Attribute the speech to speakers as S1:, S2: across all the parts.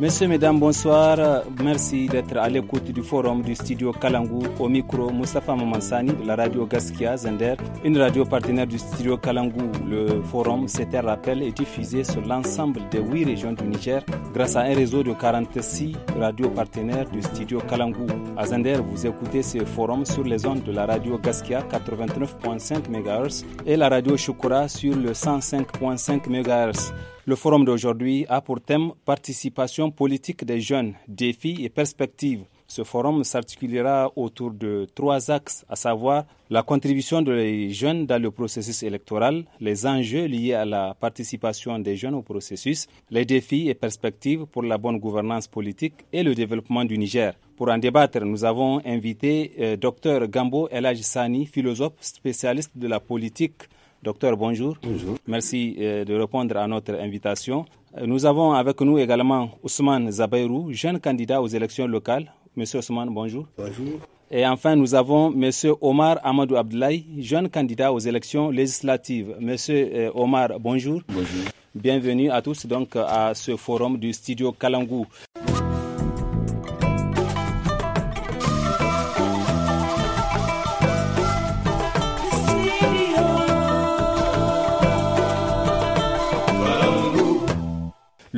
S1: Messieurs, Mesdames, bonsoir. Merci d'être à l'écoute du forum du studio Kalangou. Au micro, Moustapha Mamansani de la radio Gaskia Zender, une radio partenaire du studio Kalangou. Le forum, c'est un rappel, est diffusé sur l'ensemble des huit régions du Niger grâce à un réseau de 46 radios partenaires du studio Kalangou. À Zender, vous écoutez ce forum sur les ondes de la radio Gaskia 89.5 MHz et la radio Shukura sur le 105.5 MHz. Le forum d'aujourd'hui a pour thème Participation politique des jeunes, défis et perspectives. Ce forum s'articulera autour de trois axes, à savoir la contribution des jeunes dans le processus électoral, les enjeux liés à la participation des jeunes au processus, les défis et perspectives pour la bonne gouvernance politique et le développement du Niger. Pour en débattre, nous avons invité euh, Dr Gambo Elajissani, philosophe spécialiste de la politique Docteur, bonjour. Bonjour. Merci euh, de répondre à notre invitation. Euh, nous avons avec nous également Ousmane Zabayrou, jeune candidat aux élections locales. Monsieur Ousmane, bonjour. Bonjour. Et enfin, nous avons Monsieur Omar Amadou Abdoulaye, jeune candidat aux élections législatives. Monsieur euh, Omar, bonjour. Bonjour. Bienvenue à tous donc à ce forum du studio Kalangou.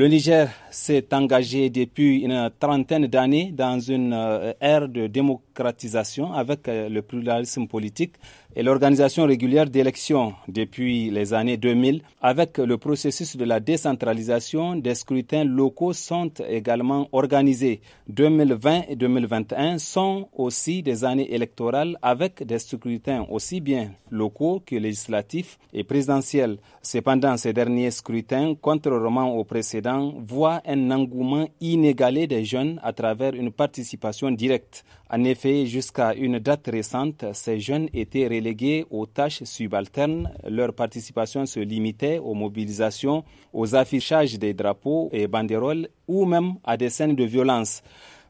S1: Le Niger s'est engagé depuis une trentaine d'années dans une euh, ère de démocratisation avec euh, le pluralisme politique et l'organisation régulière d'élections depuis les années 2000, avec le processus de la décentralisation des scrutins locaux sont également organisés. 2020 et 2021 sont aussi des années électorales avec des scrutins aussi bien locaux que législatifs et présidentiels. Cependant, ces derniers scrutins, contrairement aux précédents, voient un engouement inégalé des jeunes à travers une participation directe. En effet, jusqu'à une date récente, ces jeunes étaient relégués aux tâches subalternes. Leur participation se limitait aux mobilisations, aux affichages des drapeaux et banderoles ou même à des scènes de violence.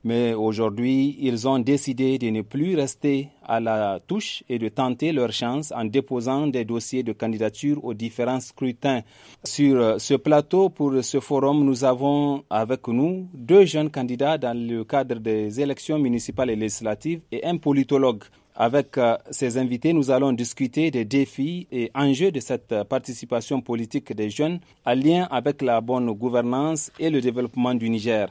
S1: Mais aujourd'hui, ils ont décidé de ne plus rester à la touche et de tenter leur chance en déposant des dossiers de candidature aux différents scrutins. Sur euh, ce plateau, pour ce forum, nous avons avec nous deux jeunes candidats dans le cadre des élections municipales et législatives et un politologue. Avec euh, ces invités, nous allons discuter des défis et enjeux de cette participation politique des jeunes en lien avec la bonne gouvernance et le développement du Niger.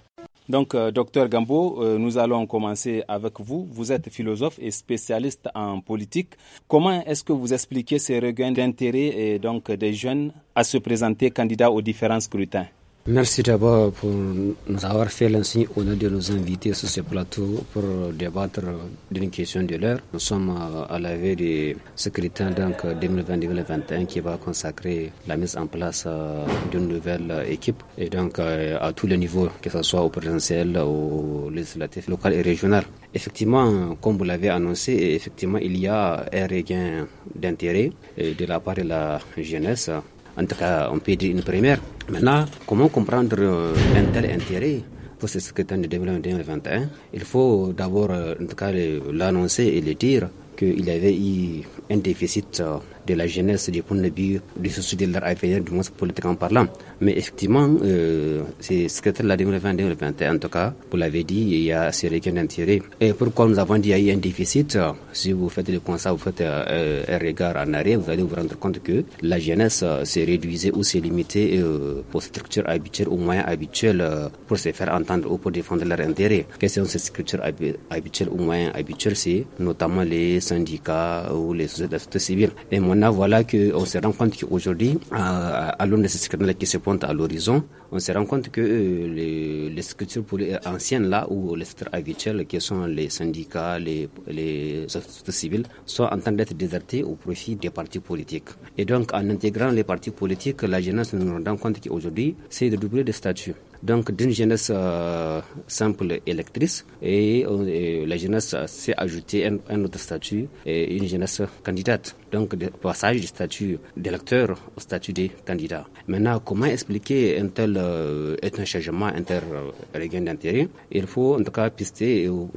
S1: Donc, euh, docteur Gambo, euh, nous allons commencer avec vous. Vous êtes philosophe et spécialiste en politique. Comment est-ce que vous expliquez ces regains d'intérêt et donc des jeunes à se présenter candidats aux différents scrutins
S2: Merci d'abord pour nous avoir fait l'insigne honneur de nous inviter sur ce plateau pour débattre d'une question de l'heure. Nous sommes à la veille de donc 2020-2021 qui va consacrer la mise en place euh, d'une nouvelle équipe et donc euh, à tous les niveaux, que ce soit au présidentiel, au législatif, local et régional. Effectivement, comme vous l'avez annoncé, effectivement, il y a un regain d'intérêt euh, de la part de la jeunesse en tout cas, on peut dire une première. Maintenant, comment comprendre un euh, tel intérêt pour ce secrétaire de développement 2021 Il faut d'abord, euh, en tout cas, l'annoncer et le dire qu'il y avait eu un déficit euh, de la jeunesse du point de vue du souci de leur avenir, du politique en parlant. Mais effectivement, c'est ce que la 2020-2021, en tout cas, vous l'avez dit, il y a ces régions d'intérêt. Et pourquoi nous avons dit qu'il y a un déficit Si vous faites le constat, vous faites euh, un regard en arrière, vous allez vous rendre compte que la jeunesse euh, s'est réduisée ou s'est limitée euh, aux structures habituelles, aux moyens habituels pour se faire entendre ou pour défendre leurs intérêts. Quelles sont ces structures habituelles ou moyens habituels C'est notamment les syndicats ou les sociétés civiles. Et mon on voilà on se rend compte qu'aujourd'hui, à, l'un de ces qui se pointent à l'horizon, on se rend compte que euh, les, structures euh, anciennes là ou les structures habituelles qui sont les syndicats, les, les sociétés civiles sont en train d'être désertées au profit des partis politiques. Et donc en intégrant les partis politiques, la jeunesse nous rend compte qu'aujourd'hui, c'est de doubler de statut donc d'une jeunesse euh, simple électrice euh, et, la jeunesse s'est ajoutée un, autre statut une jeunesse candidate. Donc le passage du statut d'électeur au statut de candidat. Maintenant, comment expliquer un tel euh, changement inter d'intérêt Il faut en tout cas pister et ou,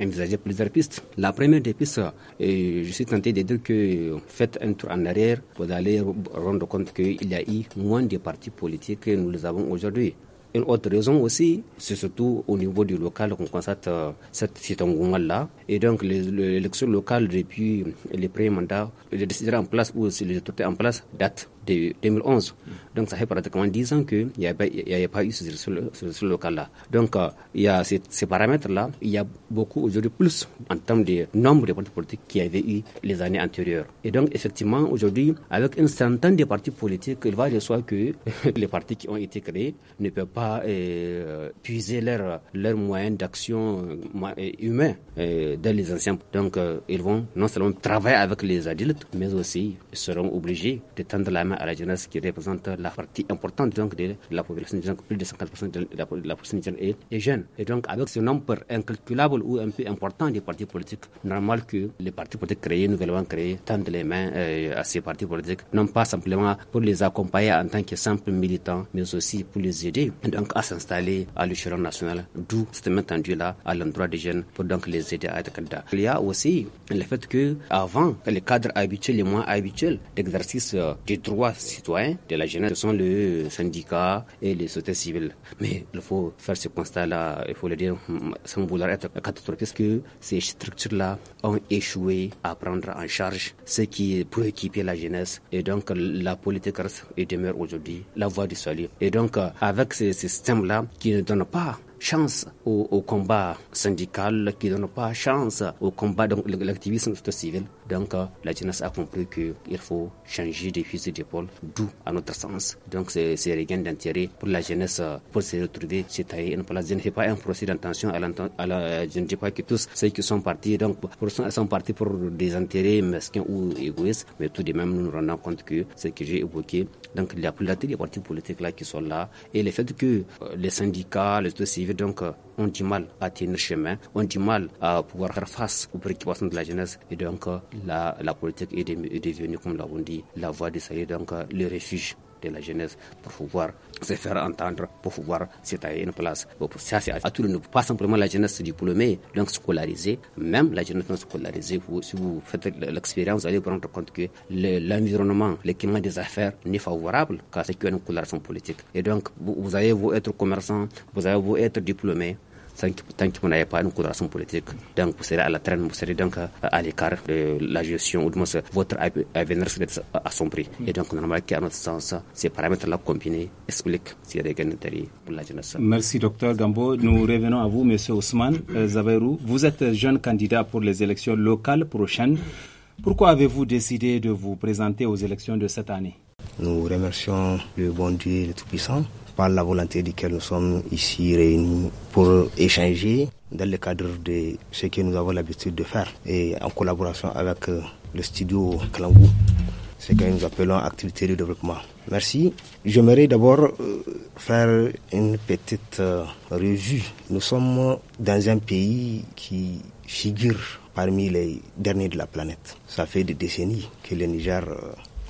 S2: envisager plusieurs pistes. La première des pistes, je suis tenté de dire que faites un tour en arrière, pour aller rendre compte qu'il y a eu moins de partis politiques que nous les avons aujourd'hui. Une autre raison aussi, c'est surtout au niveau du local qu'on constate euh, cette, cet là Et donc, l'élection locale depuis les premiers mandats, les décider en place ou les autorités en place datent de 2011. Donc ça fait pratiquement 10 ans qu'il n'y avait, pas eu ce local-là. Donc euh, il y a ces, paramètres-là, il y a beaucoup aujourd'hui plus en termes de nombre de partis politiques qu'il y avait eu les années antérieures. Et donc effectivement aujourd'hui, avec certain nombre de partis politiques, il va de soi que les partis qui ont été créés ne peuvent pas euh, puiser leurs moyens d'action euh, humains dans les anciens. Donc ils vont non seulement travailler avec les adultes, mais aussi seront obligés de tendre la main à la jeunesse qui représente la partie importante donc de la population, donc plus de 50% de la, population est, est, jeune. Et donc avec ce nombre incalculable ou un peu important des partis politiques, normal que les partis politiques créés, nouvellement créés, tendent les mains euh, à ces partis politiques, non pas simplement pour les accompagner en tant que simples militants, mais aussi pour les aider donc à s'installer à l'échelon national, d'où cette main tendue là à l'endroit des jeunes pour donc les aider à être candidats. Il y a aussi le fait que avant les cadres habituels les moins habituels d'exercice euh, des droits citoyens de la jeunesse, ce sont le syndicat et les sociétés civiles. Mais il faut faire ce constat-là, il faut le dire sans vouloir être parce que ces structures-là ont échoué à prendre en charge ce qui est pour équiper la jeunesse. Et donc, la politique reste et demeure aujourd'hui la voie du salut. Et donc, avec ces systèmes-là qui ne donnent pas chance au, combat syndical, qui ne donne pas chance au combat de l'activisme civil. Donc euh, la jeunesse a compris qu'il faut changer de fusil d'épaule, d'où à notre sens. Donc c'est rien d'intérêt pour la jeunesse, euh, pour se retrouver, c'est Je ne fais pas un procès d'intention, je ne dis pas que tous ceux qui sont partis, donc pour, sont partis pour des intérêts mesquins ou égoïstes, mais tout de même nous nous rendons compte que ce que j'ai évoqué, donc la plupart des partis politiques là qui sont là, et le fait que euh, les syndicats, les sociétés et donc euh, on du mal à tenir chemin, on du mal à pouvoir faire face aux préoccupations de la jeunesse. Et donc, euh, la, politique est, devenue, comme l'avons dit, la voie de Saïd, donc euh, le refuge de la jeunesse pour pouvoir se faire entendre, pour pouvoir se une place. ça, c'est à tout le Pas simplement la jeunesse diplômée, donc scolarisée, même la jeunesse non scolarisée. si vous faites l'expérience, vous allez vous rendre compte que l'environnement, le, des affaires n'est favorable qu'à ce qu'il y une coloration politique. Et donc, vous, vous allez vous être commerçant, vous allez vous être diplômé, tant vous n'avez pas une coloration politique. Donc, vous serez à la traîne, vous serez donc à l'écart de la gestion, ou du votre avenir serait à son prix. Mm. Et donc, normalement, qu'à notre sens, ces paramètres-là combinés expliquent s'il y a des pour
S1: la jeunesse. Merci, docteur Gambo. Nous revenons à vous, monsieur Ousmane euh, Zaverou. Vous êtes jeune candidat pour les élections locales prochaines. Pourquoi avez-vous décidé de vous présenter aux élections de cette année Nous remercions le bon Dieu le Tout-Puissant par la volonté duquel
S3: nous sommes ici réunis pour échanger dans le cadre de ce que nous avons l'habitude de faire et en collaboration avec euh, le studio Klangou, ce que nous appelons activité de développement. Merci. J'aimerais d'abord euh, faire une petite euh, revue. Nous sommes dans un pays qui figure parmi les derniers de la planète. Ça fait des décennies que le Niger,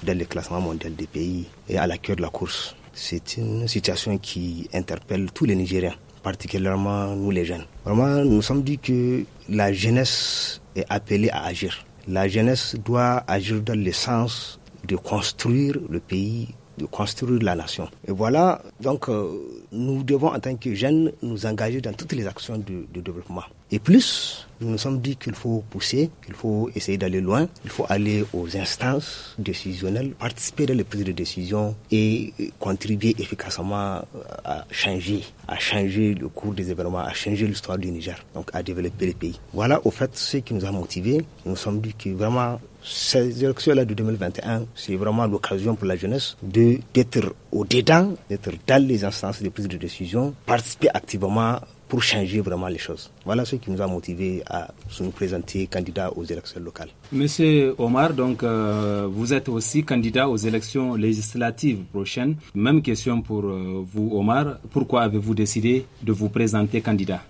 S3: dans le classement mondial des pays, est à la queue de la course c'est une situation qui interpelle tous les Nigériens, particulièrement nous les jeunes. Vraiment, nous sommes dit que la jeunesse est appelée à agir. La jeunesse doit agir dans le sens de construire le pays, de construire la nation. Et voilà, donc euh, nous devons en tant que jeunes nous engager dans toutes les actions de développement. Et plus, nous nous sommes dit qu'il faut pousser, qu'il faut essayer d'aller loin, il faut aller aux instances décisionnelles, participer à les prises de décision et contribuer efficacement euh, à changer, à changer le cours des événements, à changer l'histoire du Niger, donc à développer le pays. Voilà au fait ce qui nous a motivés. Nous nous sommes dit que vraiment ces élections-là de 2021, c'est vraiment l'occasion pour la jeunesse de d'être au dedans, d'être dans les instances de prise de décision, participer activement pour changer vraiment les choses. Voilà ce qui nous a motivés à nous présenter candidat aux élections locales.
S1: Monsieur Omar, donc euh, vous êtes aussi candidat aux élections législatives prochaines. Même question pour euh, vous, Omar. Pourquoi avez-vous décidé de vous présenter candidat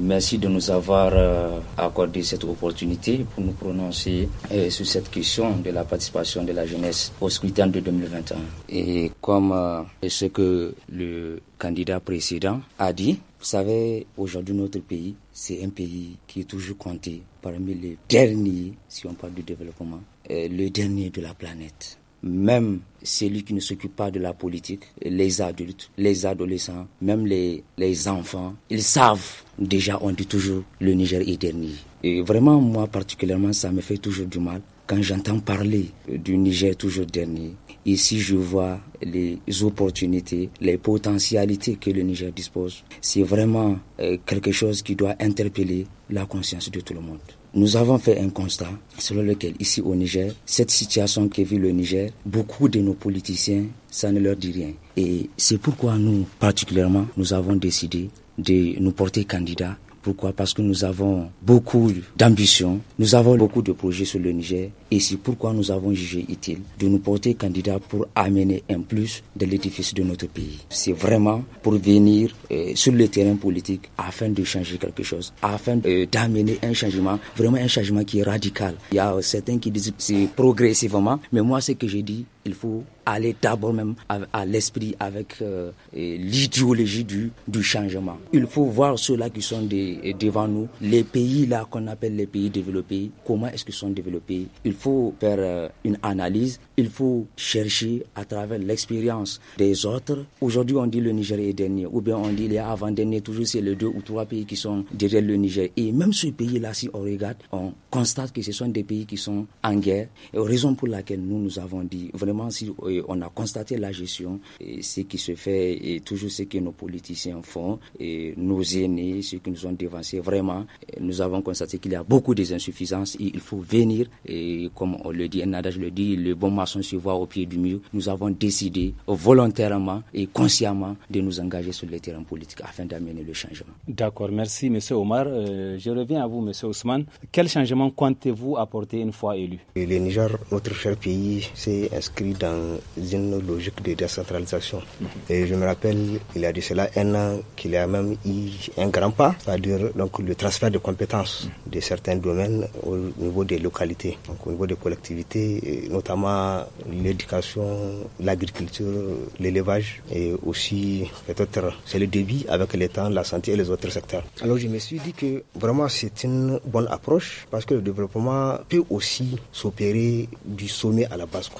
S4: Merci de nous avoir euh, accordé cette opportunité pour nous prononcer sur cette question de la participation de la jeunesse au scrutin de 2021. Et comme ce que le candidat précédent, a dit, vous savez, aujourd'hui notre pays, c'est un pays qui est toujours compté parmi les derniers, si on parle du développement, euh, le dernier de la planète. Même celui qui ne s'occupe pas de la politique, les adultes, les adolescents, même les, les enfants, ils savent déjà, on dit toujours, le Niger est dernier. Et vraiment, moi particulièrement, ça me fait toujours du mal quand j'entends parler du Niger toujours dernier, ici je vois les opportunités, les potentialités que le Niger dispose. C'est vraiment euh, quelque chose qui doit interpeller la conscience de tout le monde. Nous avons fait un constat selon lequel ici au Niger, cette situation que vit le Niger, beaucoup de nos politiciens, ça ne leur dit rien. Et c'est pourquoi nous, particulièrement, nous avons décidé de nous porter candidats pourquoi Parce que nous avons beaucoup d'ambition, nous avons beaucoup de projets sur le Niger et c'est pourquoi nous avons jugé utile de nous porter candidat pour amener un plus de l'édifice de notre pays. C'est vraiment pour venir euh, sur le terrain politique afin de changer quelque chose, afin euh, d'amener un changement, vraiment un changement qui est radical. Il y a certains qui disent c'est progressivement, mais moi ce que j'ai dit, il faut aller d'abord même à, l'esprit avec euh, l'idéologie du, du, changement. Il faut voir ceux-là qui sont devant nous, les pays là qu'on appelle les pays développés, comment est-ce qu'ils sont développés. Il faut faire euh, une analyse, il faut chercher à travers l'expérience des autres. Aujourd'hui on dit le Niger est dernier, ou bien on dit il y a avant-dernier, toujours c'est les deux ou trois pays qui sont derrière le Niger. Et même ce pays-là, si on regarde, on constate que ce sont des pays qui sont en guerre, et raison pour laquelle nous nous avons dit si euh, on a constaté la gestion, et ce qui se fait et toujours ce que nos politiciens font, et nos aînés, ceux qui nous ont dévancés, vraiment, nous avons constaté qu'il y a beaucoup d'insuffisances. Il faut venir, et comme on le dit, un adage le dit, le bon maçon se voit au pied du mur. Nous avons décidé volontairement et consciemment de nous engager sur le terrain
S1: politique afin d'amener le changement. D'accord, merci Monsieur Omar. Euh, je reviens à vous Monsieur Ousmane. Quel changement comptez-vous apporter une fois élu
S3: Le Niger, notre cher pays, c'est inscrit dans une logique de décentralisation. Et je me rappelle, il y a de cela un an, qu'il y a même eu un grand pas, c'est-à-dire donc le transfert de compétences de certains domaines au niveau des localités, donc au niveau des collectivités, notamment l'éducation, l'agriculture, l'élevage et aussi peut-être c'est le débit avec les temps, la santé et les autres secteurs. Alors je me suis dit que vraiment c'est une bonne approche parce que le développement peut aussi s'opérer du sommet à la base.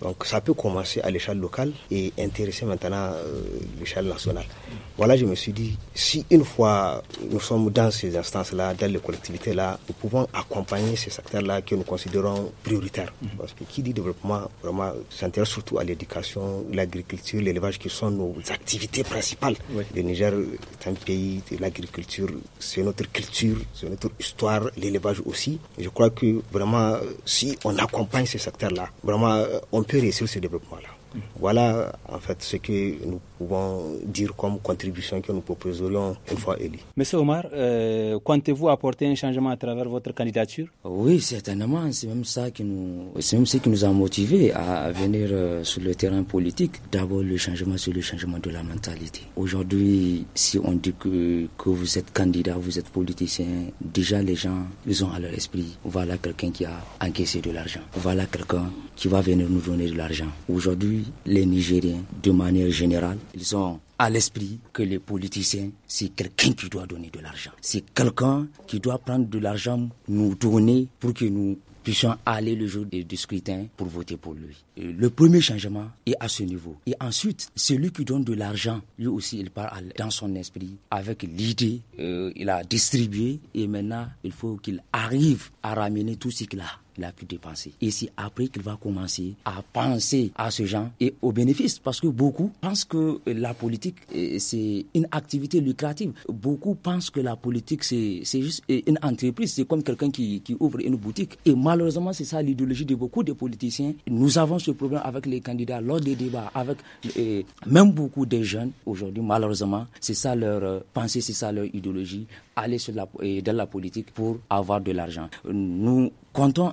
S3: Donc, donc ça peut commencer à l'échelle locale et intéresser maintenant euh, l'échelle nationale. Voilà, je me suis dit, si une fois nous sommes dans ces instances-là, dans les collectivités-là, nous pouvons accompagner ces secteurs-là que nous considérons prioritaires. Mhm. Parce que qui dit développement, vraiment, s'intéresse surtout à l'éducation, l'agriculture, l'élevage, qui sont nos activités principales. Le Niger est un pays de l'agriculture, c'est notre culture, c'est notre histoire, l'élevage aussi. je crois que vraiment, si on accompagne ces secteurs-là, vraiment, euh, on peut réussir ce développement-là. Voilà en fait ce que nous pouvons dire comme contribution
S1: que nous proposerons une fois élus. Monsieur Omar, euh, comptez-vous apporter un changement à travers votre candidature
S4: Oui, certainement. C'est même ça qui nous, c'est même ce qui nous a motivés à venir euh, sur le terrain politique. D'abord, le changement, sur le changement de la mentalité. Aujourd'hui, si on dit que, que vous êtes candidat, vous êtes politicien, déjà les gens, ils ont à leur esprit, voilà quelqu'un qui a encaissé de l'argent. Voilà quelqu'un qui va venir nous donner de l'argent. Aujourd'hui, les Nigériens, de manière générale, ils ont à l'esprit que les politiciens, c'est quelqu'un qui doit donner de l'argent. C'est quelqu'un qui doit prendre de l'argent, nous donner pour que nous puissions aller le jour du scrutin pour voter pour lui. Euh, le premier changement est à ce niveau. Et ensuite, celui qui donne de l'argent, lui aussi, il part dans son esprit avec l'idée, euh, il a distribué et maintenant, il faut qu'il arrive à ramener tout ce qu'il a a pu dépenser. Et c'est après qu'il va commencer à penser à ce genre et aux bénéfices. Parce que beaucoup pensent que la politique, euh, c'est une activité lucrative. Beaucoup pensent que la politique, c'est juste une entreprise. C'est comme quelqu'un qui, ouvre une boutique. Et malheureusement, c'est ça l'idéologie de beaucoup de politiciens. Nous avons problème avec les candidats lors des débats, avec et euh, même beaucoup de jeunes aujourd'hui, malheureusement, c'est ça leur euh, pensée, c'est ça leur idéologie, aller sur la, euh, dans la politique pour avoir de l'argent. Nous comptons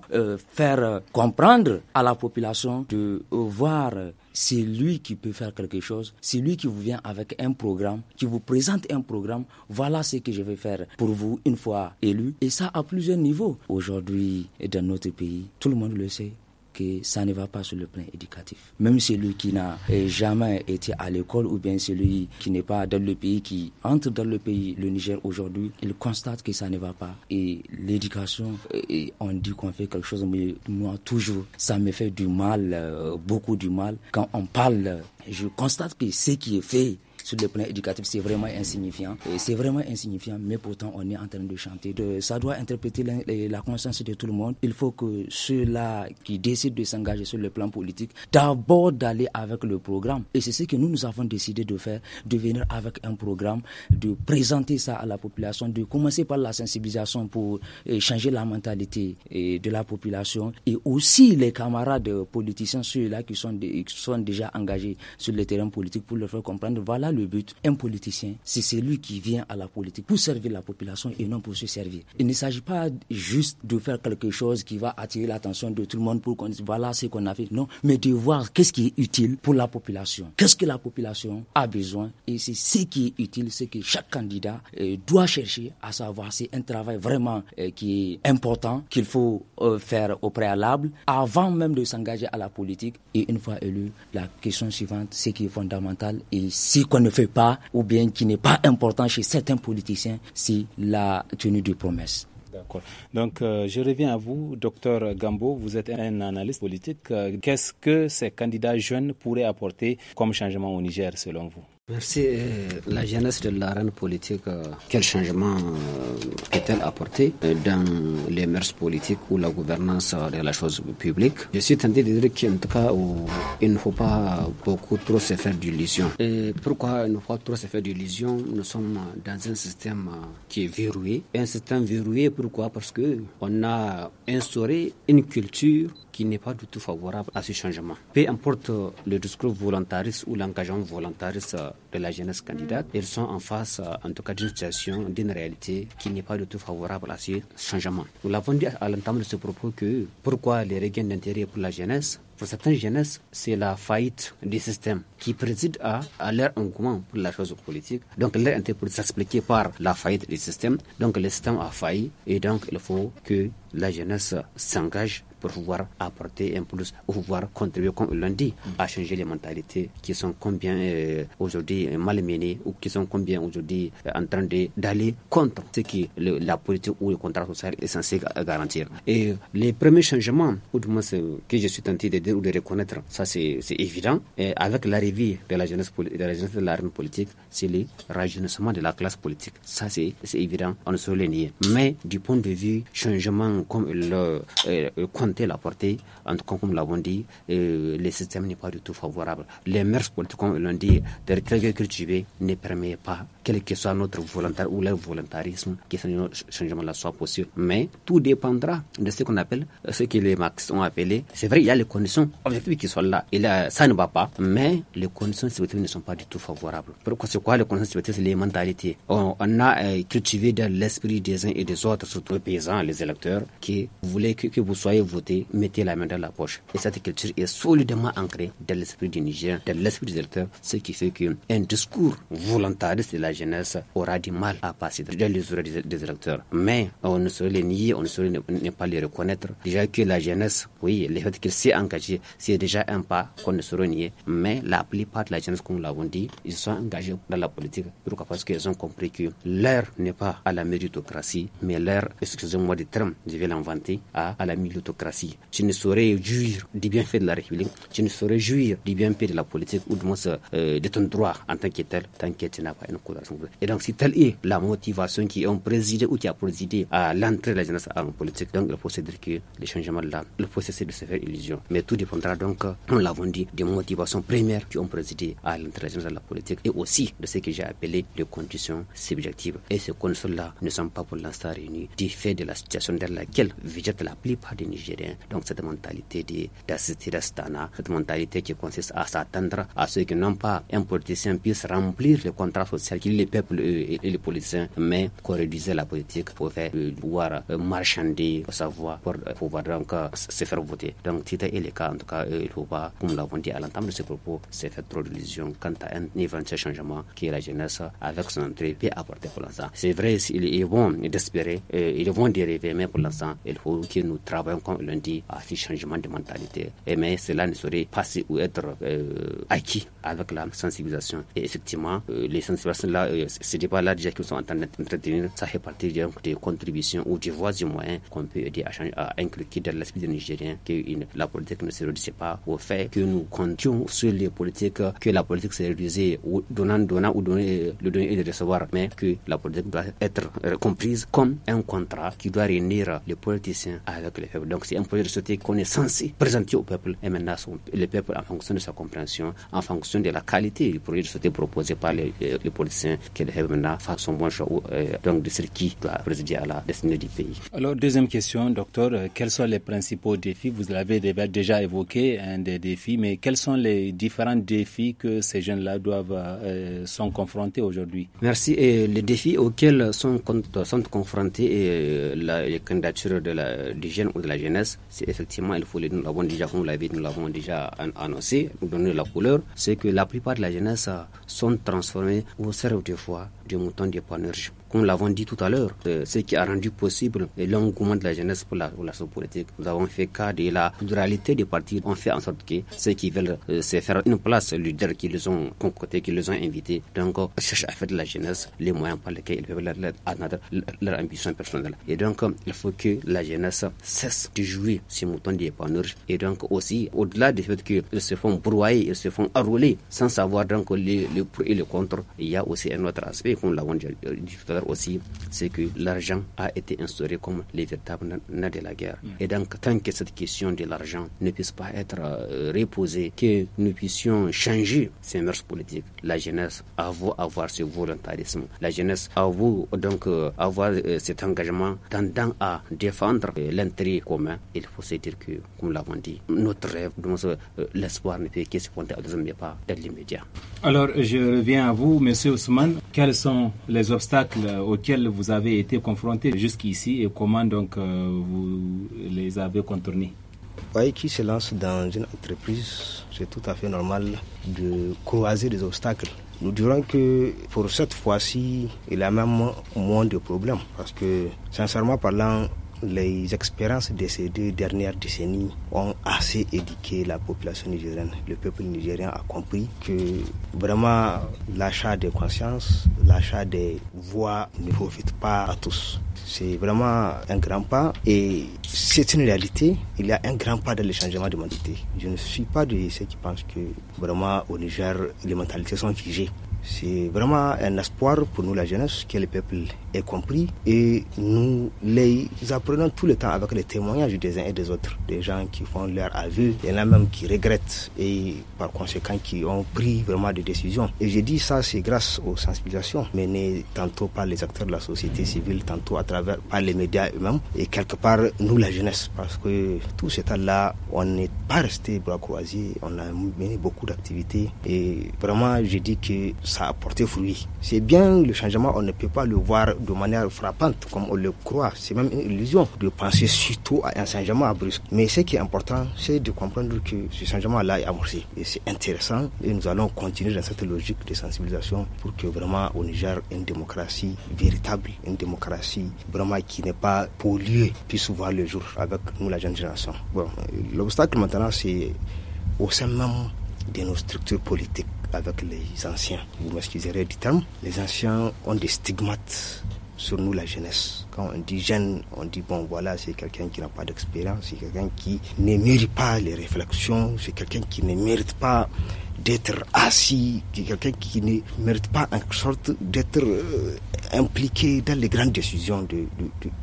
S4: faire comprendre à la population de voir c'est lui qui peut faire quelque chose, c'est lui qui vous vient avec un programme, qui vous présente un programme, voilà ce que je vais faire pour vous une fois élu. Et ça à plusieurs niveaux. Aujourd'hui, dans notre pays, tout le monde le sait, que ça ne va pas sur le plan éducatif. Même celui qui n'a eh, jamais été à l'école ou bien celui qui n'est pas dans le pays, qui entre dans le pays, le Niger aujourd'hui, il constate que ça ne va pas. Et l'éducation, eh, eh, on dit qu'on fait quelque chose, mais moi toujours, ça me fait du mal, euh, beaucoup du mal. Quand on parle, je constate que ce qui est fait, sur le plan éducatif, c'est vraiment insignifiant. C'est vraiment insignifiant, mais pourtant on est en train de chanter. De, ça doit interpréter la, la, conscience de tout le monde. Il faut que ceux-là qui décident de s'engager sur le plan politique, d'abord d'aller avec le programme. Et c'est ce que nous, nous avons décidé de faire, de venir avec un programme, de présenter ça à la population, de commencer par la sensibilisation pour eh, changer la mentalité eh, de la population et aussi les camarades politiciens, ceux-là qui, sont, qui sont déjà engagés sur le terrain politique pour leur faire comprendre, voilà le but, un politicien, c'est celui qui vient à la politique pour servir la population et non pour se servir. Il ne s'agit pas juste de faire quelque chose qui va attirer l'attention de tout le monde pour qu'on dise voilà ce qu'on a fait. Non, mais de voir qu'est-ce qui est utile pour la population. Qu'est-ce que la population a besoin et c'est ce qui est utile, ce que chaque candidat euh, doit chercher, à savoir c'est un travail vraiment euh, qui est important, qu'il faut euh, faire au préalable, avant même de s'engager à la politique. Et une fois élu, la question suivante, ce qui est fondamental et ce qu'on ne fait pas ou bien qui n'est pas important chez certains politiciens, c'est la tenue de promesses.
S1: D'accord. Donc, euh, je reviens à vous, docteur Gambo. Vous êtes un analyste politique. Euh, qu'est-ce que ces candidats jeunes pourraient apporter comme changement au Niger, selon vous Merci. Euh, la jeunesse de l'arène politique, euh,
S2: quel changement euh, peut-elle apporter dans les mœurs politiques ou la gouvernance de la chose publique Je suis tenté de dire qu'il il ne faut pas beaucoup trop se faire d'illusions. Et pourquoi il ne faut pas trop se faire d'illusions Nous sommes dans un système qui est verrouillé. Un système verrouillé, pourquoi Parce que on a instauré une culture qui n'est pas du tout favorable à ce changement. Peu importe le discours volontariste ou l'engagement volontariste de la jeunesse candidate, elles sont en face, en tout cas, d'une situation, d'une réalité qui n'est pas du tout favorable à ce changement. Nous l'avons dit à l'entame de ce propos que pourquoi les regains d'intérêt pour la jeunesse pour certaines jeunesses, c'est la faillite du système qui préside à, leur engouement pour la chose politique. Donc, leur intérêt pour s'expliquer par la faillite du système. Donc, le système a failli et donc il faut que la jeunesse s'engage pour pouvoir apporter un plus, pour pouvoir contribuer, comme ils l'ont dit, à changer les mentalités qui sont combien aujourd'hui aujourd'hui malmenées ou qui sont combien aujourd'hui euh, en train d'aller contre ce que la politique ou le contrat social est censé garantir. Et les premiers changements, ou du moins que je suis tenté de ou de reconnaître. Ça, c'est évident. Et avec l'arrivée de la jeunesse de la jeunesse l'arme politique, c'est le rajeunissement de la classe politique. Ça, c'est évident. On ne se le nier. Mais du point de vue changement, comme le, euh, comptait la portée, en tout cas, comme l'avons dit, euh, le système n'est pas du tout favorable. Les mœurs politiques, comme l'ont dit, de cultiver ne permet pas, quel que soit notre volontaire ou leur volontarisme, que ce changement là soit possible. Mais tout dépendra de ce qu'on appelle, ce que les max ont appelé, c'est vrai, il y a les conditions conditions qui sont là. Et là, ça ne va pas. Mais les conditions subjectives ne sont pas du tout favorables. Pourquoi c'est quoi les conditions C'est les mentalités. On, a euh, cultivé dans l'esprit des uns et des autres, surtout les paysans, les électeurs, qui voulaient que, que vous soyez voté, mettez la main dans la poche. Et cette culture est solidement ancrée dans l'esprit du Niger, dans l'esprit des électeurs, ce qui fait qu'un discours volontariste de la jeunesse aura du mal à passer dans les oreilles des électeurs. Mais on ne saurait les nier, on ne saurait ne, pas les reconnaître. Déjà que la jeunesse, oui, le fait qu'elle s'est engagée c'est déjà un pas qu'on ne saurait nier. Mais la plupart de la jeunesse, comme nous l'avons dit, ils sont engagés dans la politique. Pourquoi Parce qu'ils ont compris que l'heure n'est pas à la méritocratie, mais l'heure, excusez-moi des termes, je vais l'inventer, à, la militocratie. Tu ne saurais jouir du bienfaits de la République, tu ne saurais jouir du bienfaits de la politique ou de moins euh, de ton droit en tant que tel, tant que tu n'as pas une couleur. Et donc, si telle est la motivation qui ont présidé ou qui a présidé à l'entrée de la jeunesse en politique, donc il faut se dire que les changements là, le processus de se faire illusion. Mais tout dépendra donc, nous l'avons dit, des motivations premières qui ont présidé à l'intégration de la politique et aussi de ce que j'ai appelé les conditions subjectives. Et ces conditions-là ne sont pas pour l'instant réunies du fait de la situation dans laquelle végète la plupart des Nigériens. Donc cette mentalité d'assister d'Astana, cette mentalité qui consiste à s'attendre à ce que non pas un politicien puisse remplir le contrat social qui les peuples euh, et les politiciens, mais qu'on réduise la politique pour faire euh, pouvoir euh, marchander sa voix, pour pouvoir donc se faire voter. Donc c'était le cas en tout euh, cas, il ne faut pas, comme l'avons dit à l'entame de ce propos, se faire trop d'illusions quant à un éventuel changement qui est la jeunesse avec son entrée peut apporter pour l'instant. C'est vrai, ils vont bon euh, ils vont d'y mais pour l'instant, il faut que nous travaillions, comme l'on dit, à ce changement de mentalité. Et mais cela ne saurait passer ou être euh, acquis avec la sensibilisation. Et effectivement, les sensibilisations-là, euh, ces là déjà qu'ils sont en train d'entretenir, ça fait partie des contributions ou des voies du moyen qu'on peut aider à, changer, inculquer dans l'esprit des Nigériens que la politique ne se réduisait pas au fait que nous comptions sur les politiques, que la politique se réduisait ou donnant, donnant ou donner, le donner et le recevoir, mais que la politique doit être comprise comme un contrat qui doit réunir les politiciens avec les peuples. Donc c'est un projet de société qu'on est censé présenter au peuple et maintenant le peuple en fonction de sa compréhension, en fonction de la qualité du projet de société proposé par les, politiciens, que le maintenant façon euh, donc de ce qui doit présider à la destinée du pays.
S1: Alors deuxième question, docteur, euh, quels sont les principaux défis Vous l'avez déjà évoqué un hein, des défis, mais quels sont les différents défis que ces jeunes-là doivent euh, sont confrontés aujourd'hui
S2: Merci. Et les défis auxquels sont, sont confrontés et euh, les candidatures de la, du jeune ou de la jeunesse, c'est effectivement, il faut nous l'avons déjà, comme nous l'avons déjà annoncé, nous donner la couleur, c'est que la plupart de la jeunesse sont transformés au servent des fois du mouton d'épanouissement nous l'avons dit tout à l'heure, euh, ce qui a rendu possible l'engouement de la jeunesse pour la relation politique. Nous avons fait cas de la pluralité des partis. On fait en sorte que ceux qui veulent euh, se faire une place, les leaders qui les ont concoctés, qui les ont invités, donc euh, cherchent à faire de la jeunesse les moyens par lesquels ils peuvent leur, leur, ambition personnelle. Et donc, il faut que la jeunesse cesse de jouer ces des d'épanouir. Et donc aussi, au-delà du fait qu'ils se font broyer, ils se font enrouler, sans savoir donc les pro pour et le contre, il y a aussi un autre aspect, comme l'avons dit tout à l'heure, aussi, c'est que l'argent a été instauré comme les véritables de la guerre. Mm. Et donc, tant que cette question de l'argent ne puisse pas être euh, reposée, que nous puissions changer ces mœurs politiques, la jeunesse avoue avoir ce volontarisme. La jeunesse avoue donc euh, avoir euh, cet engagement tendant à défendre l'intérêt commun. Il faut se dire que, comme l'avons dit, notre rêve, l'espoir ne peut qu'être se à deuxième pas dans l'immédiat.
S1: Alors, je reviens à vous, Monsieur Ousmane. Quels sont les obstacles euh, auxquels vous avez été confrontés jusqu'ici et comment donc euh, vous les avez contournés voyez, qui se lance dans une entreprise, c'est
S3: tout à fait normal de croiser des obstacles. Nous dirons que pour cette fois-ci, il y a même moins de problèmes parce que, sincèrement parlant, les expériences de ces deux dernières décennies ont assez éduqué la population nigérienne. Le peuple nigérien a compris que vraiment l'achat des consciences, l'achat des voix ne profite pas à tous. C'est vraiment un grand pas et c'est une réalité. Il y a un grand pas dans le changement de mentalité. Je ne suis pas de ceux qui pensent que vraiment au Niger, les mentalités sont figées. C'est vraiment un espoir pour nous, la jeunesse, que le peuple ait compris. Et nous les apprenons tout le temps avec les témoignages des uns et des autres, des gens qui font leur aveu, il y en a même qui regrettent et par conséquent qui ont pris vraiment des décisions. Et j'ai dit ça, c'est grâce aux sensibilisations menées tantôt par les acteurs de la société civile, tantôt à travers par les médias eux-mêmes et quelque part nous, la jeunesse, parce que tout ce temps-là, on n'est pas resté bras croisés, on a mené beaucoup d'activités et vraiment, j'ai dit que ça a porté fruit. C'est bien le changement, on ne peut pas le voir de manière frappante comme on le croit. C'est même une illusion de penser surtout à un changement brusque. Mais ce qui est important, c'est de comprendre que ce changement-là est amorcé. Et c'est intéressant et nous allons continuer dans cette logique de sensibilisation pour que vraiment au Niger, une démocratie véritable, une démocratie vraiment qui n'est pas polluée puisse voir le jour avec nous, la jeune génération. Bon, euh, l'obstacle maintenant, c'est au sein même de nos structures politiques avec les anciens. Vous m'excuserez du terme. Les anciens ont des stigmates sur nous, la jeunesse. Quand on dit jeune, on dit bon, voilà, c'est quelqu'un qui n'a pas d'expérience, c'est quelqu'un qui ne mérite pas les réflexions, c'est quelqu'un qui ne mérite pas d'être assis, quelqu'un qui ne mérite pas en sorte d'être euh, impliqué dans les grandes décisions de,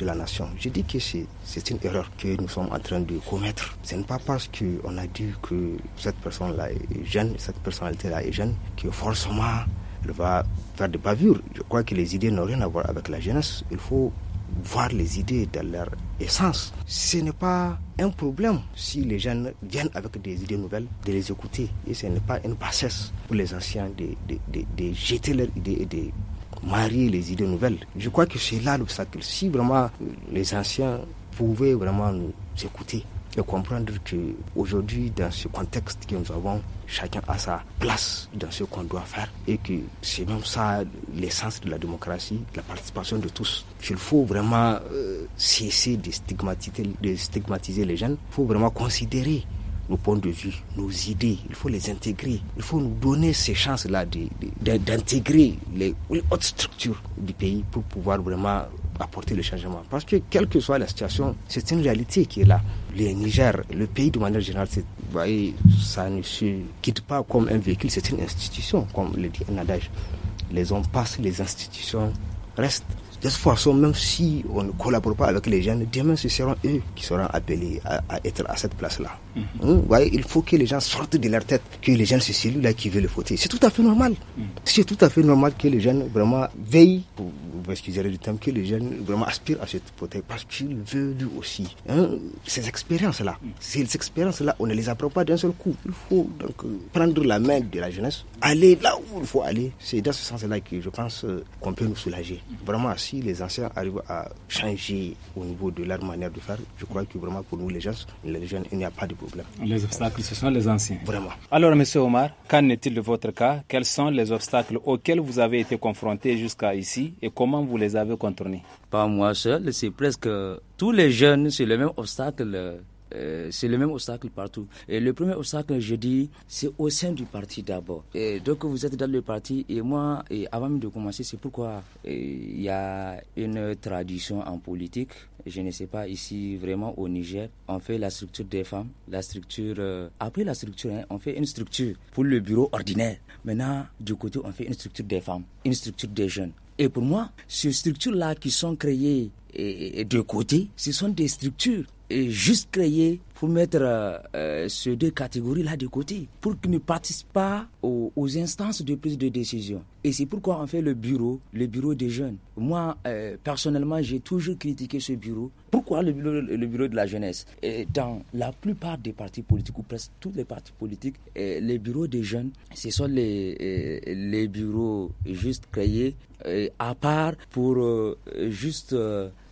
S3: la nation. Je dis que c'est une erreur que nous sommes en train de commettre. Ce n'est pas parce qu'on a dit que cette personne-là est jeune, cette personnalité-là est jeune, que forcément elle va faire des bavures. Je crois que les idées n'ont rien à voir avec la jeunesse. Il faut voir les idées dans leur essence. Ce n'est pas un problème si les jeunes viennent avec des idées nouvelles, de les écouter. Et ce n'est pas une bassesse pour les anciens de, de, de, jeter leurs idées et de marier les idées nouvelles. Je crois que c'est là l'obstacle. Si vraiment euh, les anciens pouvaient vraiment nous écouter, et comprendre que aujourd'hui dans ce contexte que nous avons, chacun a sa place dans ce qu'on doit faire et que c'est même ça l'essence de la démocratie, la participation de tous. Il faut vraiment euh, cesser de stigmatiser, de stigmatiser les jeunes, il faut vraiment considérer nos points de vue, nos idées, il faut les intégrer. Il faut nous donner ces chances-là d'intégrer les autres structures du pays pour pouvoir vraiment apporter le changement. Parce que quelle que soit la situation, c'est une réalité qui est là. Le Niger, le pays de manière générale, ça ne quitte pas comme un véhicule, c'est une institution, comme le dit un Les hommes passent, les institutions restent. De façon, même si on ne collabore pas avec les jeunes, demain ce seront eux qui seront appelés à, être à cette place-là. Mhm. il faut que les gens sortent de leur tête que les jeunes, c'est celui-là qui veut le voter. C'est tout à fait normal. Mhm. C'est tout à fait normal que les jeunes vraiment veillent, pour, vous excuserez du terme, que les jeunes vraiment aspirent à cette fauteuil parce qu'ils veulent aussi. Hein, ces expériences-là, mhm. ces expériences-là, on ne les apprend pas d'un seul coup. Il faut donc prendre la main de la jeunesse, aller là où il faut aller. C'est dans ce sens-là que je pense euh, qu'on peut nous soulager. Vraiment, les anciens arrivent à changer au niveau de leur manière de faire, je crois que vraiment pour nous, les les jeunes, il n'y a pas de problème.
S1: Les obstacles, ce sont les anciens. Vraiment. Alors, monsieur Omar, qu'en est-il de votre cas Quels sont les obstacles auxquels vous avez été confronté jusqu'à ici et comment vous les avez contournés Pas moi seul, c'est presque tous les jeunes, c'est
S4: le même obstacle euh, euh, c'est le même obstacle partout. Et le premier obstacle, je dis, c'est au sein du parti d'abord. donc vous êtes dans le parti et moi, et avant de commencer, c'est pourquoi il y a une tradition en politique. Je ne sais pas ici vraiment au Niger, on fait la structure des femmes, la structure euh, après la structure, hein, on fait une structure pour le bureau ordinaire. Maintenant, du côté, on fait une structure des femmes, une structure des jeunes. Et pour moi, ces structures-là qui sont créées de côté, ce sont des structures juste créer pour mettre euh, ces deux catégories-là de côté pour qu'ils ne participent pas aux, instances de prise de décision. Et c'est pourquoi on fait le bureau, le bureau des jeunes. Moi, euh, personnellement, j'ai toujours critiqué ce bureau. Pourquoi le bureau, le bureau de la jeunesse Dans la plupart des partis politiques, ou presque tous les partis politiques, euh, les bureaux des jeunes, ce sont les, bureaux juste créés à part pour juste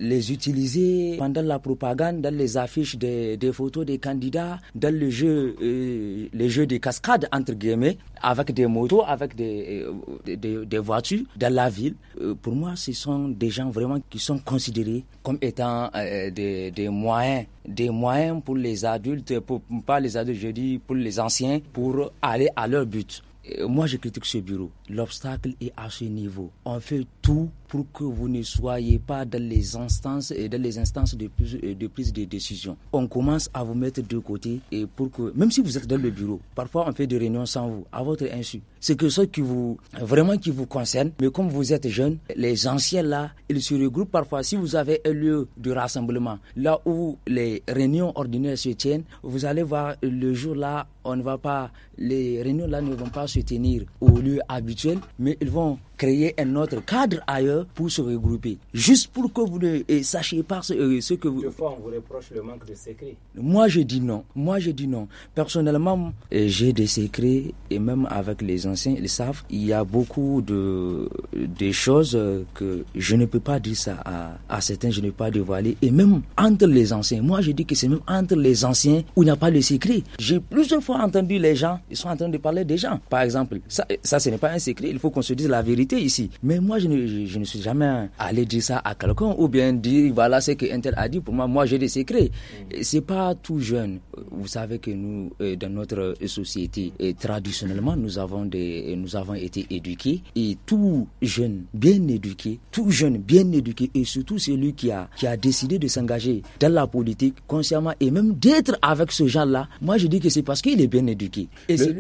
S4: les utiliser pendant la propagande, dans les affiches des photos des candidats dans le jeu, des euh, les jeux de cascades entre guillemets, avec des motos, avec des, euh, des, voitures dans la ville. Euh, pour moi, ce sont des gens vraiment qui sont considérés comme étant des, des, moyens, des moyens pour les adultes, pour, pas les adultes, je dis pour les anciens, pour aller à leur but. moi, je critique ce bureau l'obstacle est à ce niveau. On fait tout pour que vous ne soyez pas dans les instances et dans les instances de prise, euh, de prise de décision. On commence à vous mettre de côté et pour que, même si vous êtes dans le bureau, parfois on fait des réunions sans vous, à votre insu. C'est que ce qui vous, vraiment qui vous concerne, mais comme vous êtes jeune, les anciens là, ils se regroupent parfois. Si vous avez un lieu de rassemblement, là où les réunions ordinaires se tiennent, vous allez voir le jour là, on ne va pas, les réunions là ne vont pas se tenir au lieu habituel mais ils vont créer un autre cadre ailleurs pour se regrouper. Juste pour que vous ne sachiez pas euh, ce, que vous... Des fois, on vous reproche
S1: le manque de secrets.
S4: Moi, je dis non. Moi, je dis non. Personnellement, euh, j'ai des secrets et même avec les anciens, ils savent, il y a beaucoup de, des choses euh, que je ne peux pas dire ça à, certains, je ne peux pas dévoiler. Et même entre les anciens, moi, je dis que c'est même entre les anciens où il n'y a pas de secret. J'ai plusieurs fois entendu les gens, ils sont en train de parler des gens. Par exemple, ça ce n'est pas un secret, il faut qu'on se dise la vérité ici. Mais moi, je ne, suis jamais allé dire ça à quelqu'un ou bien dire voilà ce que Intel a dit pour moi. Moi, j'ai des secrets. Ce C'est pas tout jeune. Vous savez que nous, euh, dans notre société, euh, traditionnellement, nous avons des, euh, nous avons été éduqués et tout jeune bien éduqué, tout jeune bien éduqué et surtout celui qui a, qui a décidé de s'engager dans la politique consciemment et même d'être avec ce genre-là, moi je dis que c'est parce qu'il est bien éduqué.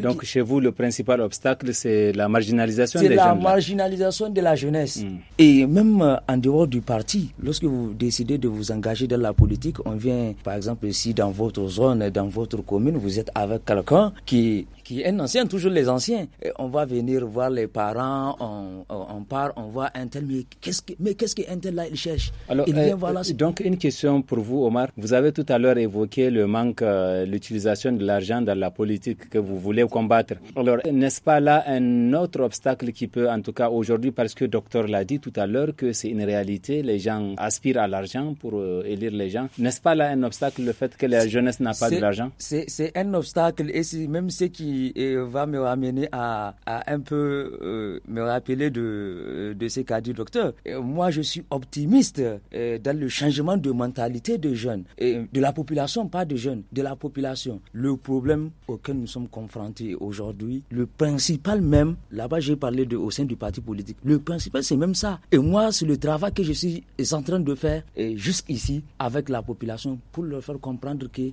S4: donc
S1: chez vous, le principal obstacle, c'est la marginalisation des gens. C'est la de la jeunesse. Mm.
S4: Et même euh, en dehors du parti, lorsque vous décidez de vous engager dans la politique, on vient, par exemple, si dans votre zone, dans votre commune, vous êtes avec quelqu'un qui qui est un
S1: ancien, toujours les anciens.
S4: on va venir voir les parents, on, on part, on voit un tel, mais qu'est-ce que, mais qu'est-ce qu'un tel là, il cherche il euh, euh,
S1: Donc, une question pour vous, Omar. Vous avez tout à l'heure évoqué le manque, euh, l'utilisation de l'argent dans la politique que vous voulez combattre. Alors, n'est-ce pas là un autre obstacle qui peut, en tout cas aujourd'hui, parce que le docteur l'a dit tout à l'heure, que c'est une réalité, les gens aspirent à l'argent pour élire les gens. N'est-ce pas là un obstacle, le fait que la jeunesse n'a pas de l'argent
S4: C'est un obstacle, et même ceux qui et euh, va me ramener à, un peu euh, me rappeler de, euh, de ce qu'a dit le docteur. moi, je suis optimiste dans le changement de mentalité des jeunes, et de la population, pas des jeunes, de la population. Le problème auquel nous sommes confrontés aujourd'hui, le principal même, là-bas j'ai parlé de, au sein du parti politique, le principal c'est même ça. Et moi, c'est le travail que je suis en train de faire jusqu'ici avec la population pour leur faire comprendre que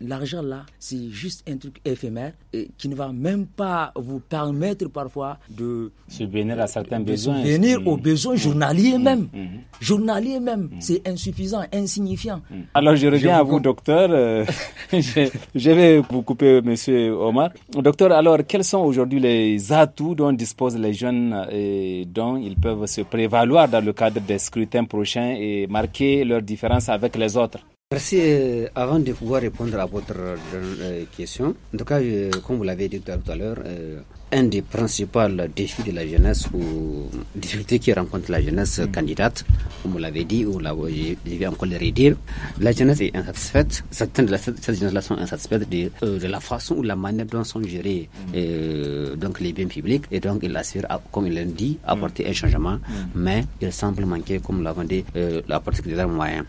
S4: l'argent là, c'est juste un truc éphémère et qui ne va même pas vous permettre parfois de
S1: subvenir à certains besoins. Subvenir aux mm. besoins journaliers mm. même. Mm.
S4: Journaliers même, c'est insuffisant, insignifiant.
S1: Alors je reviens à vous, docteur. Euh, je, je, vais vous couper, monsieur Omar. Docteur, alors quels sont aujourd'hui les atouts dont disposent les jeunes et dont ils peuvent se prévaloir dans le cadre des scrutins prochains et marquer leur différence avec les autres Merci.
S2: Euh, avant de pouvoir répondre à
S1: votre euh, question, en tout cas, euh, comme vous l'avez dit tout à
S2: l'heure, un des principaux défis de la jeunesse ou difficultés qui rencontre la jeunesse mm. candidate, comme on l'avait dit, ou je vais encore le redire, la jeunesse est insatisfaite. Certaines de ces jeunes là sont insatisfaites euh, de, la façon ou la manière dont sont gérés mm. euh, donc les biens publics. Et donc, ils assure, comme il l'a dit, mm. apporter un changement, mais il semble manquer, comme l'avons dit, euh, la armes moyen.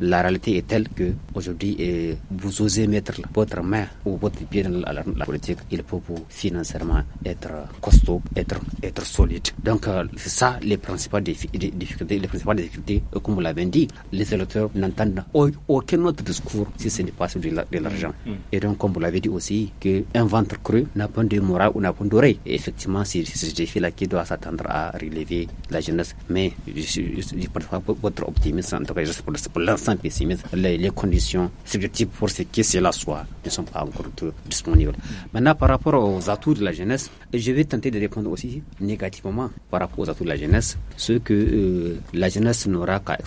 S2: La réalité est telle que aujourd'hui, euh, vous osez mettre votre main ou votre pied dans la, la politique, il faut vous financièrement être costaud, être, être solide. Donc, euh, c'est ça les principales difficultés, les principales difficultés, euh, comme vous l'avez dit, les électeurs n'entendent aucun autre discours si ce n'est pas celui de l'argent. Mm. Mm. Et donc, comme vous l'avez dit aussi, qu'un ventre creux n'a pas de morale ou n'a pas d'oreille. Et effectivement, c'est ce défi-là qui doit s'attendre à relever la jeunesse. Mais je ne suis pas votre optimiste, en tout cas, je suis pour l'ensemble pessimiste, les, conditions subjectives pour ce que cela soit ne sont pas encore disponibles. Mm. Maintenant, par rapport aux atouts de la jeunesse, je vais tenter de répondre aussi négativement par rapport à toute la jeunesse. Ce que euh, la jeunesse n'aura qu'à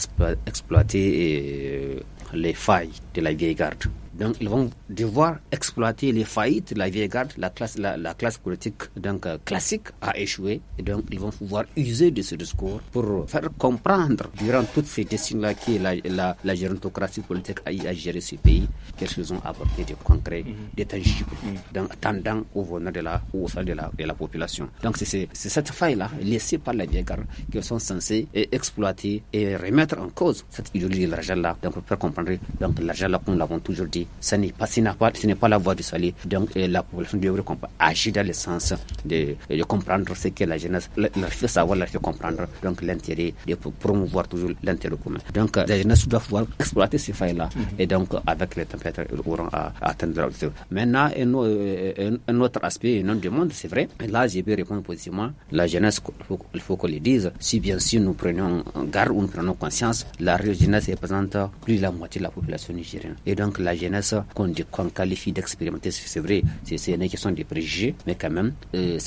S2: exploiter euh, les failles de la vieille garde. Donc ils vont devoir exploiter les faillites de la vieille garde, la classe, la, classe politique donc, euh, classique a échoué. Et donc ils vont pouvoir user de ce discours pour faire comprendre durant toutes ces décennies là que la, la, gérontocratie politique a géré ce pays qu'est-ce qu'ils ont apporté de concret, mhm. de tangible, mhm. dans, tendant au bonheur de la, au de la, de la population. Donc c'est cette faille-là, laissée par les vieille qui sont censés exploiter et remettre en cause cette idéologie de l'argent-là. Donc pour comprendre, donc l'argent-là, comme nous l'avons toujours dit, ce n'est pas, pas, pas la voie du salut. Donc la population devrait agir dans le sens de, comprendre ce que la jeunesse leur fait savoir, leur fait comprendre, donc l'intérêt de promouvoir toujours l'intérêt commun. Donc la jeunesse doit pouvoir exploiter ces failles-là. Mhm. Et donc avec les auront à, atteindre Maintenant, un, autre aspect, un autre demande, c'est vrai. Là, j'ai pu répondre positivement. La jeunesse, il faut, qu'on le dise. Si bien sûr nous prenons garde ou nous prenons conscience, la jeunesse représente plus de la moitié de la population nigérienne. Et donc, la jeunesse qu'on qualifie d'expérimenter, c'est vrai, c'est une question de préjugés, mais quand même, euh,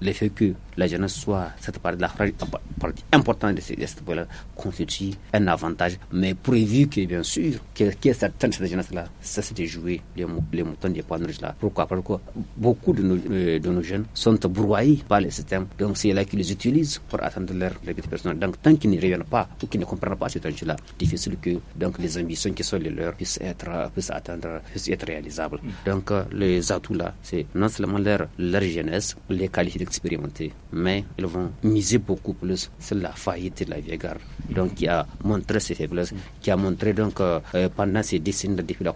S2: le fait que la jeunesse soit cette de la partie importante de cette population constitue un avantage, mais prévu que, bien sûr, que, que certaines de cette jeunesse-là ça c'est de les, les moutons des panaches là. Pourquoi Parce que beaucoup de nos, euh, de nos jeunes sont broyés par les systèmes. Donc c'est là qu'ils les utilisent pour atteindre leur but personnelle. Donc tant qu'ils ne reviennent pas ou qu'ils ne comprennent pas cet enjeu-là, difficile que donc, les ambitions qui sont les leurs puissent être, puissent atteindre, puissent être réalisables. Mm. Donc euh, les atouts là, c'est non seulement leur, leur jeunesse, les qualités d'expérimenter, mais ils vont miser beaucoup plus sur la faillite de la vieille garde. Mm. Donc qui a montré ses faiblesses, mm. qui a montré donc euh, pendant ces décennies depuis la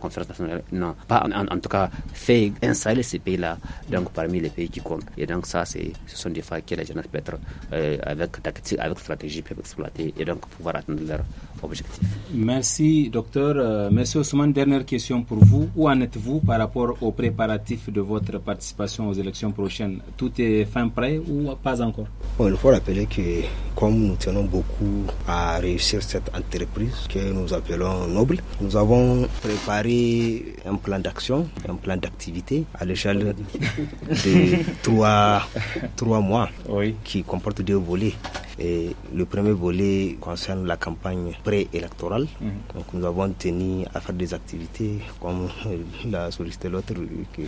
S2: non, pas en, tout cas fait installer ces pays-là donc parmi les pays qui comptent. Et donc ça, c'est, ce sont des fois que la jeunesse peut être euh, avec tactique, avec stratégie, peut exploiter et donc pouvoir atteindre leur objectif.
S1: Merci, docteur. Monsieur Ousmane, dernière question pour vous. Où en êtes-vous par rapport aux préparatifs de votre participation aux élections prochaines Tout est fin prêt ou pas encore
S3: Il faut rappeler que comme nous tenons beaucoup à réussir cette entreprise que nous appelons Noble, nous avons préparé un plan d'action, un plan d'activité à l'échelle de trois, trois mois qui comporte deux volets. Et le premier volet concerne la campagne préélectorale. électorale mhm. Donc nous avons tenu à faire des activités comme euh, l'a sollicité l'autre euh, que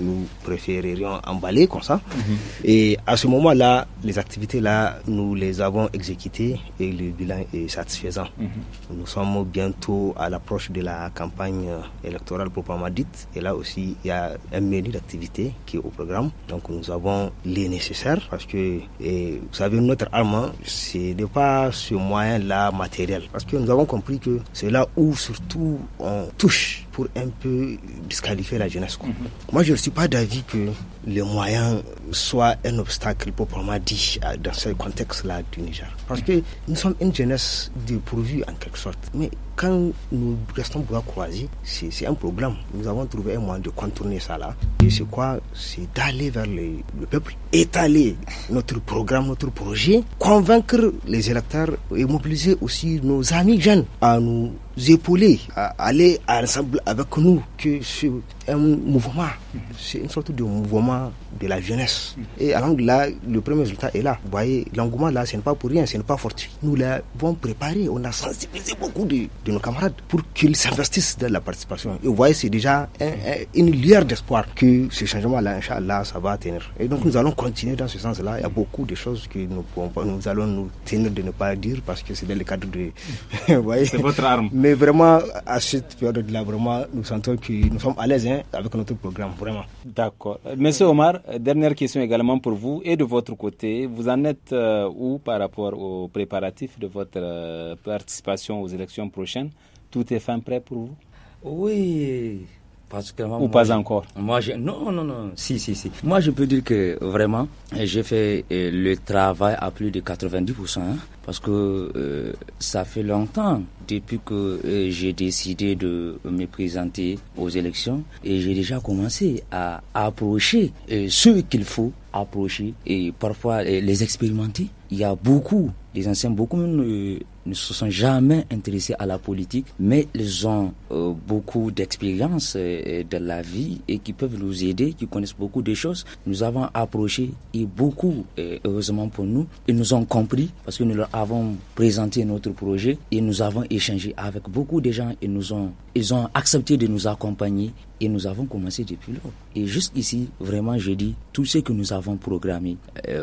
S3: nous préférerions emballer comme ça. Mhm. Et à ce moment-là, les activités-là, nous les avons exécutées et le bilan est satisfaisant. Mhm. Nous sommes bientôt à l'approche de la campagne électorale proprement dite. Et là aussi, il y a un menu d'activité qui est au programme. Donc nous avons les nécessaires parce que, vous savez, notre armement, ce n'est pas ce moyen-là matériel. Parce que nous avons compris que c'est là où surtout on touche pour un peu disqualifier la jeunesse. Mhm. Moi, je ne suis pas d'avis que les moyens soient un obstacle proprement dit euh, dans ce contexte-là du Niger. Parce que nous sommes une jeunesse dépourvue en quelque sorte. Mais quand nous restons bras croisés, c'est un problème. Nous avons trouvé un moyen de contourner ça là. Et c'est quoi C'est d'aller vers les, le peuple, étaler notre programme, notre projet, convaincre les électeurs et mobiliser aussi nos amis jeunes à nous épauler, à aller ensemble avec nous, que c'est un mouvement, c'est une sorte de mouvement de la jeunesse. Et alors là, le premier résultat est là. Vous voyez, l'engouement là, ce n'est pas pour rien, ce n'est pas fortuit. Nous l'avons préparé, on a sensibilisé beaucoup de, de nos camarades pour qu'ils s'investissent dans la participation. Et vous voyez, c'est déjà une lueur d'espoir que ce changement-là, ça va tenir. Et donc nous allons continuer dans ce sens-là. Il y a beaucoup de choses que nous, pouvons, nous allons nous tenir de ne pas dire
S1: parce que c'est dans le cadre de... C'est votre arme.
S3: Mais vraiment, à cette période-là, vraiment, nous sentons que nous sommes à l'aise hein, avec notre programme, vraiment.
S1: D'accord. Monsieur Omar, dernière question également pour vous et de votre côté. Vous en êtes euh, où par rapport aux préparatifs de votre euh, participation aux élections prochaines Tout est fin prêt pour vous Oui, ou pas encore moi, Non, non, non.
S4: Si, si, si. Moi, je peux dire que vraiment, eh, j'ai fait eh, le travail à plus de 90%. Hein, parce que euh, ça fait longtemps depuis que eh, j'ai décidé de me présenter aux élections et j'ai déjà commencé à approcher ceux qu'il faut approcher et parfois les expérimenter. Il y a beaucoup les anciens, beaucoup euh, ne se sont jamais intéressés à la politique, mais ils ont euh, beaucoup d'expérience euh, de la vie et qui peuvent nous aider, qui connaissent beaucoup de choses. Nous avons approché et beaucoup, euh, heureusement pour nous, ils nous ont compris parce que nous leur avons présenté notre projet et nous avons échangé avec beaucoup de gens et nous ont, ils ont accepté de nous accompagner et nous avons commencé depuis là Et jusqu'ici, vraiment, je dis, tout ce que nous avons programmé,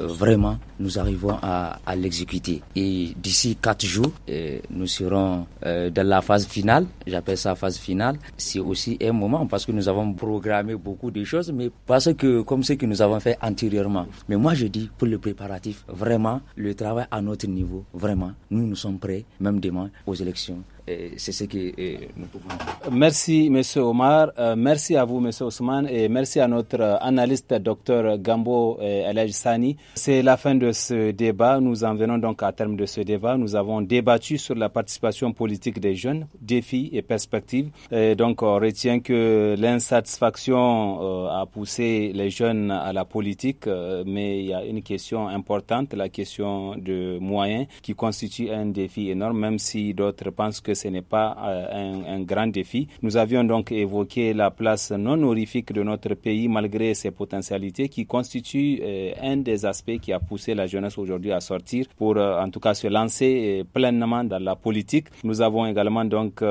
S4: vraiment, nous arrivons à, à l'exécuter. Et d'ici quatre jours, nous. serons euh, dans la phase finale, j'appelle ça phase finale. C'est aussi un moment parce que nous avons programmé beaucoup de choses, mais parce que comme ce que nous avons fait antérieurement. Mais moi je dis pour le préparatif, vraiment, le travail à notre niveau, vraiment, nous nous sommes prêts, même demain, aux élections c'est ce que nous pouvons
S1: Merci, Monsieur Omar. Euh, merci à vous, M. Ousmane, et merci à notre euh, analyste Dr Gambo euh, El Sani. C'est la fin de ce débat. Nous en venons donc à terme de ce débat. Nous avons débattu sur la participation politique des jeunes, défis et perspectives. Et donc, on retient que l'insatisfaction a poussé les jeunes à la politique, mais il y a une question importante, la question de moyens, qui constitue un défi énorme, même si d'autres pensent que ce n'est pas euh, un, grand défi. Nous avions donc évoqué la place non honorifique de notre pays malgré ses potentialités qui constitue euh, un des aspects qui a poussé la jeunesse aujourd'hui à sortir pour euh, en tout cas se lancer pleinement dans la politique. Nous avons également donc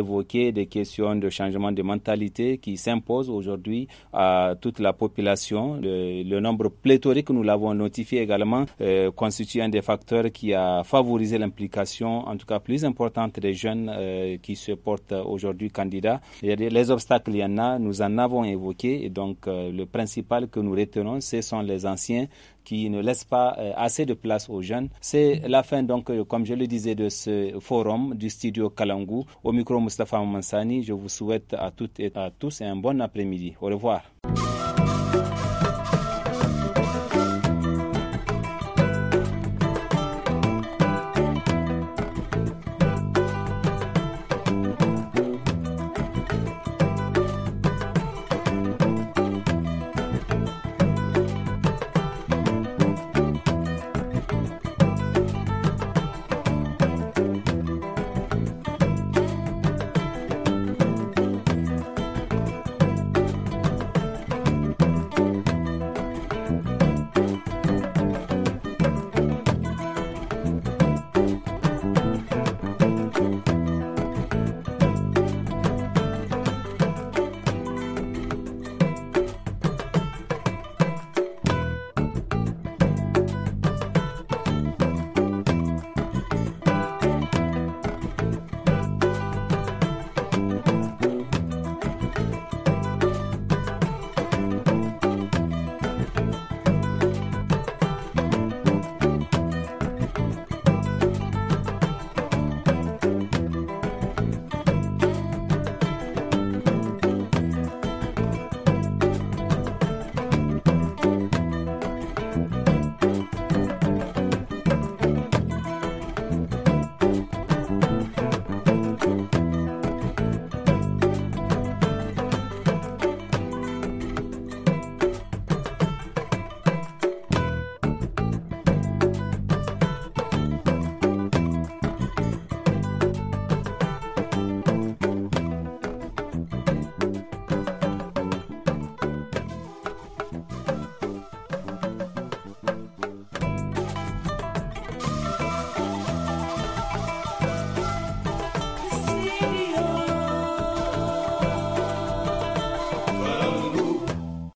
S1: évoqué des questions de changement de mentalité qui s'imposent aujourd'hui à toute la population. Le, nombre pléthorique, nous l'avons notifié également, constitue un des facteurs qui a favorisé l'implication, en tout cas plus importante des jeunes jeunes euh, qui se portent aujourd'hui candidats. Les obstacles, il y en a, nous en avons évoqué, et donc euh, le principal que nous retenons, ce sont les anciens qui ne laissent pas euh, assez de place aux jeunes. C'est la fin, donc, comme je le disais, de ce forum du studio Kalangou Au micro, Mustafa Mansani, je vous souhaite à toutes et à tous un bon après-midi. Au revoir.